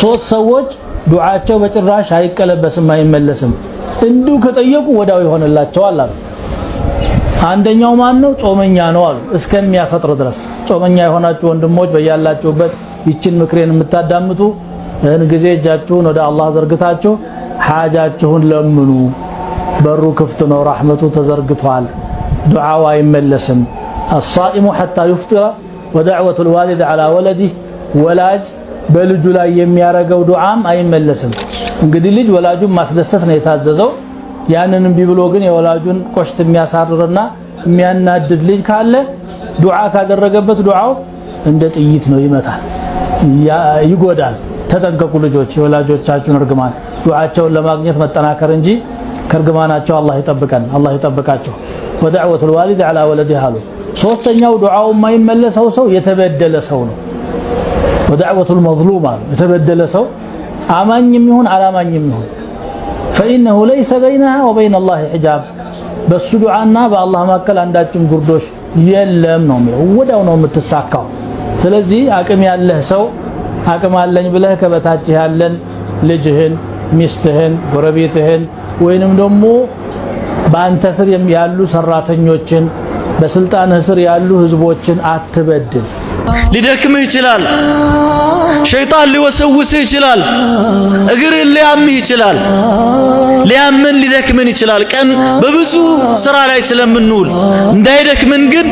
ሶስት ሰዎች ዱዓቸው በጭራሽ አይቀለበስም አይመለስም እንዲሁ ከጠየቁ ወዳው ይሆንላቸዋል አሉ አንደኛው ማን ነው ጾመኛ ነው አሉ እስከሚያፈጥር ድረስ ጾመኛ የሆናችሁ ወንድሞች በያላችሁበት ይችን ምክሬን የምታዳምጡ እህን ጊዜ እጃችሁን ወደ አላህ ዘርግታችሁ ሓጃችሁን ለምኑ በሩ ክፍት ነው ረሕመቱ ተዘርግቷል ዱዓው አይመለስም አሳኢሙ ሐታ ዩፍጥረ ወደዕወቱ ልዋሊድ ዓላ ወለዲህ ወላጅ በልጁ ላይ የሚያረገው ዱዓም አይመለስም። እንግዲህ ልጅ ወላጁን ማስደሰት ነው የታዘዘው። ያንን እምቢ ብሎ ግን የወላጁን ቆሽት የሚያሳርርና የሚያናድድ ልጅ ካለ ዱዓ ካደረገበት ዱዓው እንደ ጥይት ነው፣ ይመታል፣ ይጎዳል። ተጠንቀቁ ልጆች፣ የወላጆቻችሁን እርግማን ዱዓቸውን ለማግኘት መጠናከር እንጂ ከእርግማናቸው አላህ ይጠብቀን፣ አላህ ይጠብቃቸው። ወደዕወቱል ዋሊድ ዐላ ወለዲህ አሉ። ሶስተኛው ዱዓው የማይመለሰው ሰው የተበደለ ሰው ነው። ወዳዕወቱል መዝሉም አሉ። የተበደለ ሰው አማኝም ይሁን አላማኝም ይሁን ፈኢነሁ ለይሰ በይነሃ ወበይነ ሒጃብ፣ በሱ ዱዓና በአላህ መካከል አንዳችም ጉርዶሽ የለም ነው የሚለው። ወዲያው ነው የምትሳካው። ስለዚህ አቅም ያለህ ሰው አቅም አለኝ ብለህ ከበታችህ ያለን ልጅህን፣ ሚስትህን፣ ጎረቤትህን ወይንም ደግሞ በአንተ ስር ያሉ ሰራተኞችን በስልጣንህ ስር ያሉ ህዝቦችን አትበድል። ሊደክምህ ይችላል። ሸይጣን ሊወሰውስህ ይችላል። እግርን ሊያምህ ይችላል። ሊያምን ሊደክምን ይችላል። ቀን በብዙ ስራ ላይ ስለምንውል እንዳይደክምን ግን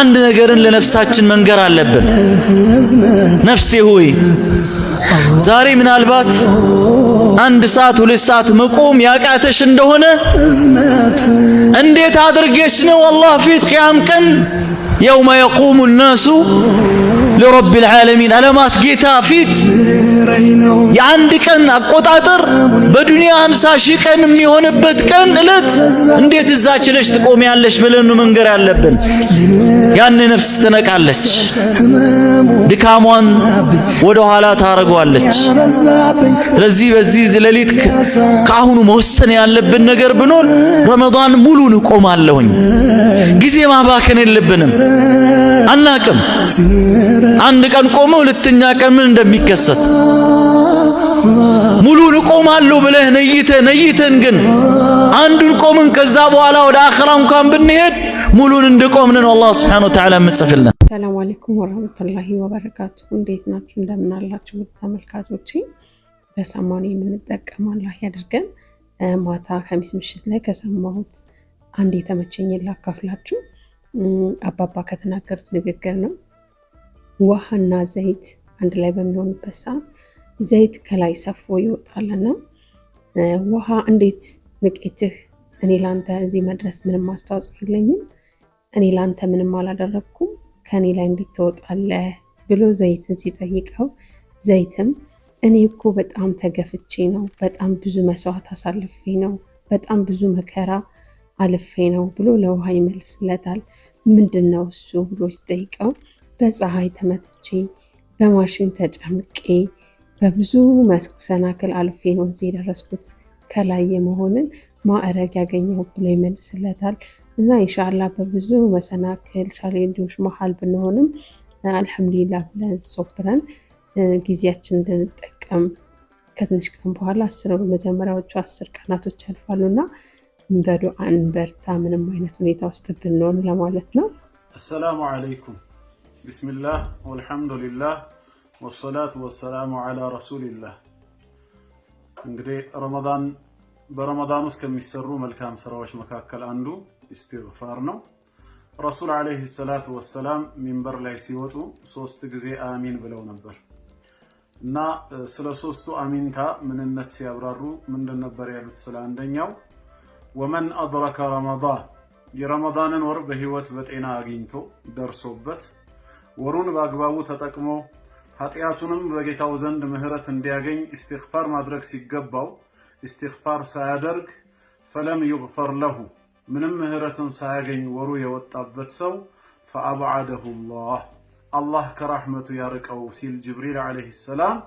አንድ ነገርን ለነፍሳችን መንገር አለብን። ነፍሴ ሆይ ዛሬ ምናልባት አንድ ሰዓት ሁለት ሰዓት መቆም ያቃተሽ እንደሆነ እንዴት አድርጌሽ ነው አላህ ፊት ቅያም ቀን የውመ የቁሙ ናሱ ለረብ ልዓለሚን አለማት ጌታ ፊት የአንድ ቀን አቆጣጠር በዱንያ ሃምሳ ሺህ ቀን የሚሆንበት ቀን እለት እንዴት እዛ ችለሽ ትቆሚያለሽ ብለን መንገር ያለብን። ያን ነፍስ ትነቃለች፣ ድካሟን ወደ ኋላ ታረጓለች። ስለዚህ በዚህ ሌሊት ከአሁኑ መወሰን ያለብን ነገር ብኖር ረመዳን ሙሉን እቆማለሁኝ። ጊዜ ማባከን የለብንም አናቅም አንድ ቀን ቆመ፣ ሁለተኛ ቀን ምን እንደሚከሰት ሙሉን እቆማለሁ ብለህ ነይተህ ነይተን ግን አንዱን ቆምን። ከዛ በኋላ ወደ አኽራ እንኳን ብንሄድ ሙሉን እንድቆምን ነው አላህ ስብሐነሁ ወተዓላ የምጽፍልን። ሰላም አለይኩም ወራህመቱላሂ ወበረካቱ። እንዴት ናችሁ? እንደምን አላችሁ? ተመልካቾቼ በሰማኔ የምንጠቀም አላህ ያድርገን። ማታ ከሚስ ምሽት ላይ ከሰማሁት አንድ የተመቸኝ ላካፍላችሁ። አባባ ከተናገሩት ንግግር ነው ውሃና ዘይት አንድ ላይ በሚሆንበት ሰዓት ዘይት ከላይ ሰፎ ይወጣልና ውሃ እንዴት ንቄትህ እኔ ላንተ እዚህ መድረስ ምንም አስተዋጽኦ የለኝም፣ እኔ ላንተ ምንም አላደረግኩም፣ ከእኔ ላይ እንዴት ትወጣለህ ብሎ ዘይትን ሲጠይቀው ዘይትም እኔ እኮ በጣም ተገፍቼ ነው፣ በጣም ብዙ መስዋዕት አሳልፌ ነው፣ በጣም ብዙ መከራ አልፌ ነው ብሎ ለውሃ ይመልስለታል። ምንድን ነው እሱ ብሎ ሲጠይቀው በፀሐይ ተመትቼ በማሽን ተጨምቄ በብዙ መሰናክል አልፌ ነው እዚህ የደረስኩት ከላይ የመሆንን ማዕረግ ያገኘው ብሎ ይመልስለታል። እና ኢንሻላ በብዙ መሰናክል ቻሌንጆች መሀል ብንሆንም አልሐምዱሊላ ብለን ሶብረን ጊዜያችን እንድንጠቀም ከትንሽ ቀን በኋላ አስር መጀመሪያዎቹ አስር ቀናቶች እና በዱዓ እንበርታ ምንም አይነት ሁኔታ ውስጥ ብንሆን ለማለት ነው። አሰላሙ አለይኩም ቢስሚላህ ወልሐምዱሊላህ ወሰላቱ ወሰላሙ አላ ረሱሊላህ። እንግዲህ ረመዳን በረመዳን ውስጥ ከሚሰሩ መልካም ስራዎች መካከል አንዱ ኢስቲግፋር ነው። ረሱል ዓለይሂ ሰላቱ ወሰላም ሚንበር ላይ ሲወጡ ሶስት ጊዜ አሚን ብለው ነበር እና ስለ ሶስቱ አሚንታ ምንነት ሲያብራሩ ምንድን ነበር ያሉት? ስለ አንደኛው ወመን አድረከ ረመዳን የረመዳንን ወር በህይወት በጤና አግኝቶ ደርሶበት ወሩን በአግባቡ ተጠቅሞ ኃጢአቱንም በጌታው ዘንድ ምህረት እንዲያገኝ ኢስቲግፋር ማድረግ ሲገባው ኢስቲግፋር ሳያደርግ ፈለም ዩግፈር ለሁ ምንም ምህረትን ሳያገኝ ወሩ የወጣበት ሰው ፈአብዓደሁ ላህ አላህ ከራሕመቱ ያርቀው ሲል ጅብሪል ዓለይሂ ሰላም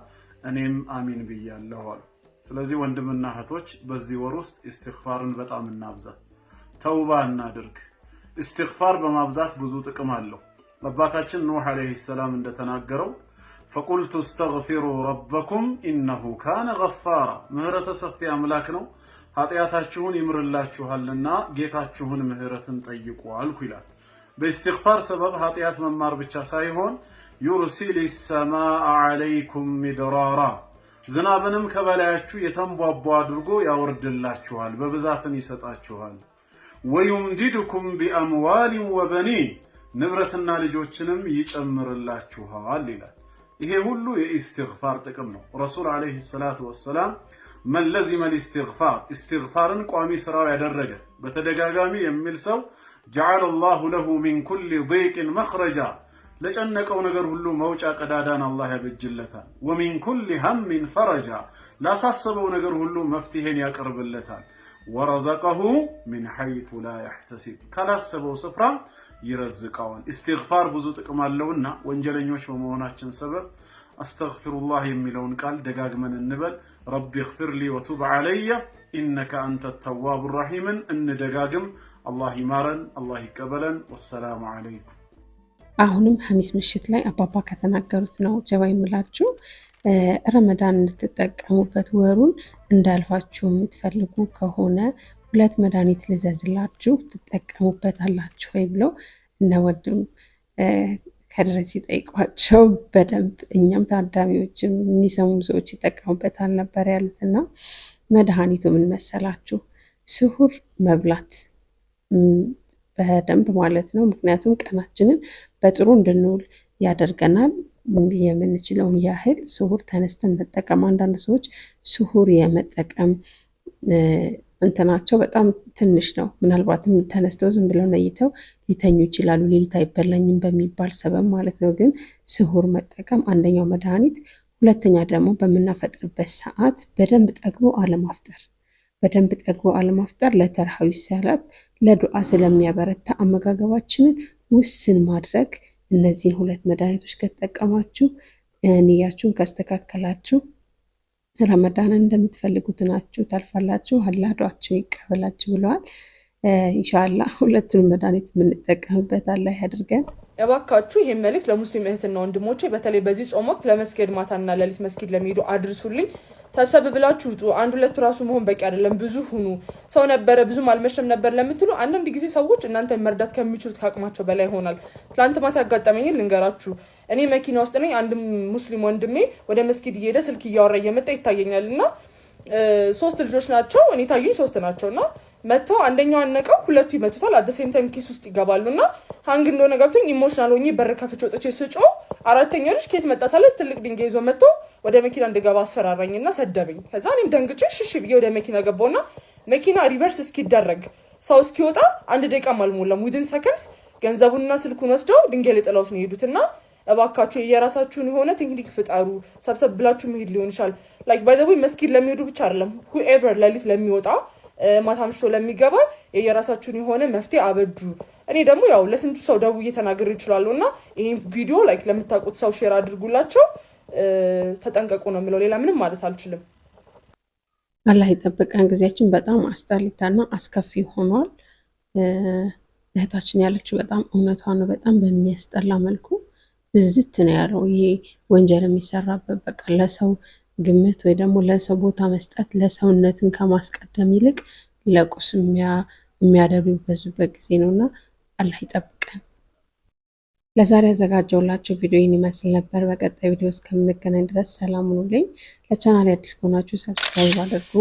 እኔም አሚን ብያለሁ አሉ። ስለዚህ ወንድምና እህቶች በዚህ ወር ውስጥ ኢስቲግፋርን በጣም እናብዛ፣ ተውባ እናድርግ። ኢስቲግፋር በማብዛት ብዙ ጥቅም አለው። አባታችን ኑህ ዓለይሂ ሰላም እንደተናገረው ፈቁልቱ እስተግፊሩ ረበኩም ኢነሁ ካነ ገፋራ፣ ምህረተ ሰፊ አምላክ ነው ኃጢአታችሁን ይምርላችኋልና ጌታችሁን ምህረትን ጠይቁ አልኩ ይላል። በእስትግፋር ሰበብ ኃጢአት መማር ብቻ ሳይሆን ዩርሲል ሰማአ ዓለይኩም ሚድራራ ዝናብንም ከበላያችሁ የተንቧቧ አድርጎ ያወርድላችኋል፣ በብዛትን ይሰጣችኋል። ወዩምዲድኩም ቢአምዋሊን ወበኒን ንብረትና ልጆችንም ይጨምርላችኋል ይላል። ይሄ ሁሉ የኢስቲግፋር ጥቅም ነው። ረሱል ዓለይሂ ሰላቱ ወሰላም መለዚመል ኢስቲግፋር ኢስቲግፋርን ቋሚ ስራው ያደረገ በተደጋጋሚ የሚል ሰው ጀዓለ ላሁ ለሁ ሚን ኩሊ ዲቅን መኽረጃ ለጨነቀው ነገር ሁሉ መውጫ ቀዳዳን አላህ ያበጅለታል። ወሚን ኩሊ ሀሚን ፈረጃ ላሳሰበው ነገር ሁሉ መፍትሄን ያቀርብለታል። ወረዘቀሁ ሚን ሐይቱ ላ ያሕተሲብ ካላሰበው ስፍራ ይረዝቀዋል። ኢስቲግፋር ብዙ ጥቅም አለውና ወንጀለኞች በመሆናችን ሰበብ አስተግፊሩላህ የሚለውን ቃል ደጋግመን እንበል። ረቢ ግፊር ሊ ወቱብ ዓለየ ኢነከ አንተ ተዋቡ ረሒምን እንደጋግም። አላህ ይማረን፣ አላህ ይቀበለን። ወሰላሙ ዓለይኩም። አሁንም ሐሚስ ምሽት ላይ አባባ ከተናገሩት ነው ጀባ የምላችሁ ረመዳን እንድትጠቀሙበት ወሩን እንዳልፋችሁ የምትፈልጉ ከሆነ ሁለት መድኃኒት ልዘዝላችሁ ትጠቀሙበታላችሁ ወይ ብለው እነ ወንድም ከድረ ሲጠይቋቸው በደንብ እኛም ታዳሚዎችም የሚሰሙ ሰዎች ይጠቀሙበታል ነበር ያሉት። እና መድኃኒቱ ምን መሰላችሁ? ስሁር መብላት በደንብ ማለት ነው። ምክንያቱም ቀናችንን በጥሩ እንድንውል ያደርገናል። የምንችለውን ያህል ስሁር ተነስተን መጠቀም። አንዳንድ ሰዎች ስሁር የመጠቀም እንትናቸው በጣም ትንሽ ነው። ምናልባትም ተነስተው ዝም ብለው ነይተው ሊተኙ ይችላሉ። ሌሊት አይበላኝም በሚባል ሰበብ ማለት ነው። ግን ስሁር መጠቀም አንደኛው መድኃኒት፣ ሁለተኛ ደግሞ በምናፈጥርበት ሰዓት በደንብ ጠግቦ አለማፍጠር። በደንብ ጠግቦ አለማፍጠር ለተርሃዊ ሰላት ለዱዓ ስለሚያበረታ አመጋገባችንን ውስን ማድረግ። እነዚህን ሁለት መድኃኒቶች ከተጠቀማችሁ፣ ንያችሁን ካስተካከላችሁ ረመዳንን እንደምትፈልጉት ናችሁ ታልፋላችሁ፣ አላዷችሁ ይቀበላችሁ ብለዋል። እንሻላ ሁለቱንም መድኃኒት የምንጠቀምበት አላህ ያድርገን። እባካችሁ ይሄን መልእክት ለሙስሊም እህትና ወንድሞቼ በተለይ በዚህ ጾም ወቅት ለመስገድ ማታና ለሊት መስጊድ ለሚሄዱ አድርሱልኝ። ሰብሰብ ብላችሁ ውጡ። አንድ ሁለቱ ራሱ መሆን በቂ አይደለም፣ ብዙ ሁኑ። ሰው ነበረ ብዙም አልመሸም ነበር ለምትሉ አንዳንድ ጊዜ ሰዎች እናንተን መርዳት ከሚችሉት ከአቅማቸው በላይ ይሆናል። ትላንት ማታ ያጋጠመኝ ልንገራችሁ። እኔ መኪና ውስጥ ነኝ። አንድ ሙስሊም ወንድሜ ወደ መስጊድ እየሄደ ስልክ እያወራ እየመጣ ይታየኛል እና ሶስት ልጆች ናቸው እኔ ታዩኝ፣ ሶስት ናቸው እና መጥተው አንደኛው አነቀው፣ ሁለቱ ይመቱታል። አደሴም ታይም ኪስ ውስጥ ይገባሉ እና ሀንግ እንደሆነ ገብቶኝ ኢሞሽናል ሆኜ በር ከፍቼ ወጥቼ ስጮ አራተኛው ልጅ ከየት መጣ ሳለ ትልቅ ድንጋይ ይዞ መጥቶ ወደ መኪና እንድገባ አስፈራራኝና ሰደበኝ። ከዛ እኔም ደንግጬ ሽሽ ብዬ ወደ መኪና ገባውና መኪና ሪቨርስ እስኪደረግ ሰው እስኪወጣ አንድ ደቂቃም አልሞላም። ዊድን ሰከንድስ ገንዘቡንና ስልኩን ወስደው ድንጋይ ላይ ነው የሄዱትና እባካችሁ የራሳችሁን የሆነ ቴክኒክ ፍጠሩ። ሰብሰብ ብላችሁ መሄድ ሊሆን ይችላል። ላይክ ባይ ዘ ወይ መስጊድ ለሚሄዱ ብቻ አይደለም ሁኤቨር ለሊት ለሚወጣ ማታ ምሽቶ ለሚገባ የየራሳችሁን የሆነ መፍትሄ አበጁ። እኔ ደግሞ ያው ለስንቱ ሰው ደውዬ ተናግሬ ይችላሉ እና ይህ ቪዲዮ ላይክ ለምታውቁት ሰው ሼር አድርጉላቸው። ተጠንቀቁ ነው የምለው። ሌላ ምንም ማለት አልችልም። አላህ የጠበቀን። ጊዜያችን በጣም አስጠሊታና አስከፊ ሆኗል። እህታችን ያለችው በጣም እውነቷ ነው። በጣም በሚያስጠላ መልኩ ብዝት ነው ያለው ይሄ ወንጀል የሚሰራበት በቃ ለሰው ግምት ወይ ደግሞ ለሰው ቦታ መስጠት ለሰውነትን ከማስቀደም ይልቅ ለቁስ የሚያደርጉበት ጊዜ ነው እና አላህ ይጠብቀን። ለዛሬ ያዘጋጀውላችሁ ቪዲዮ ይህን ይመስል ነበር። በቀጣይ ቪዲዮ እስከምንገናኝ ድረስ ሰላም ሁኑልኝ። ለቻናል አዲስ ከሆናችሁ ሰብስክራይብ አድርጉ።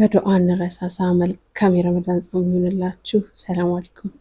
በዱዓ እንረሳሳ። መልካም የረመዳን ጾም ይሁንላችሁ። ሰላም አለይኩም።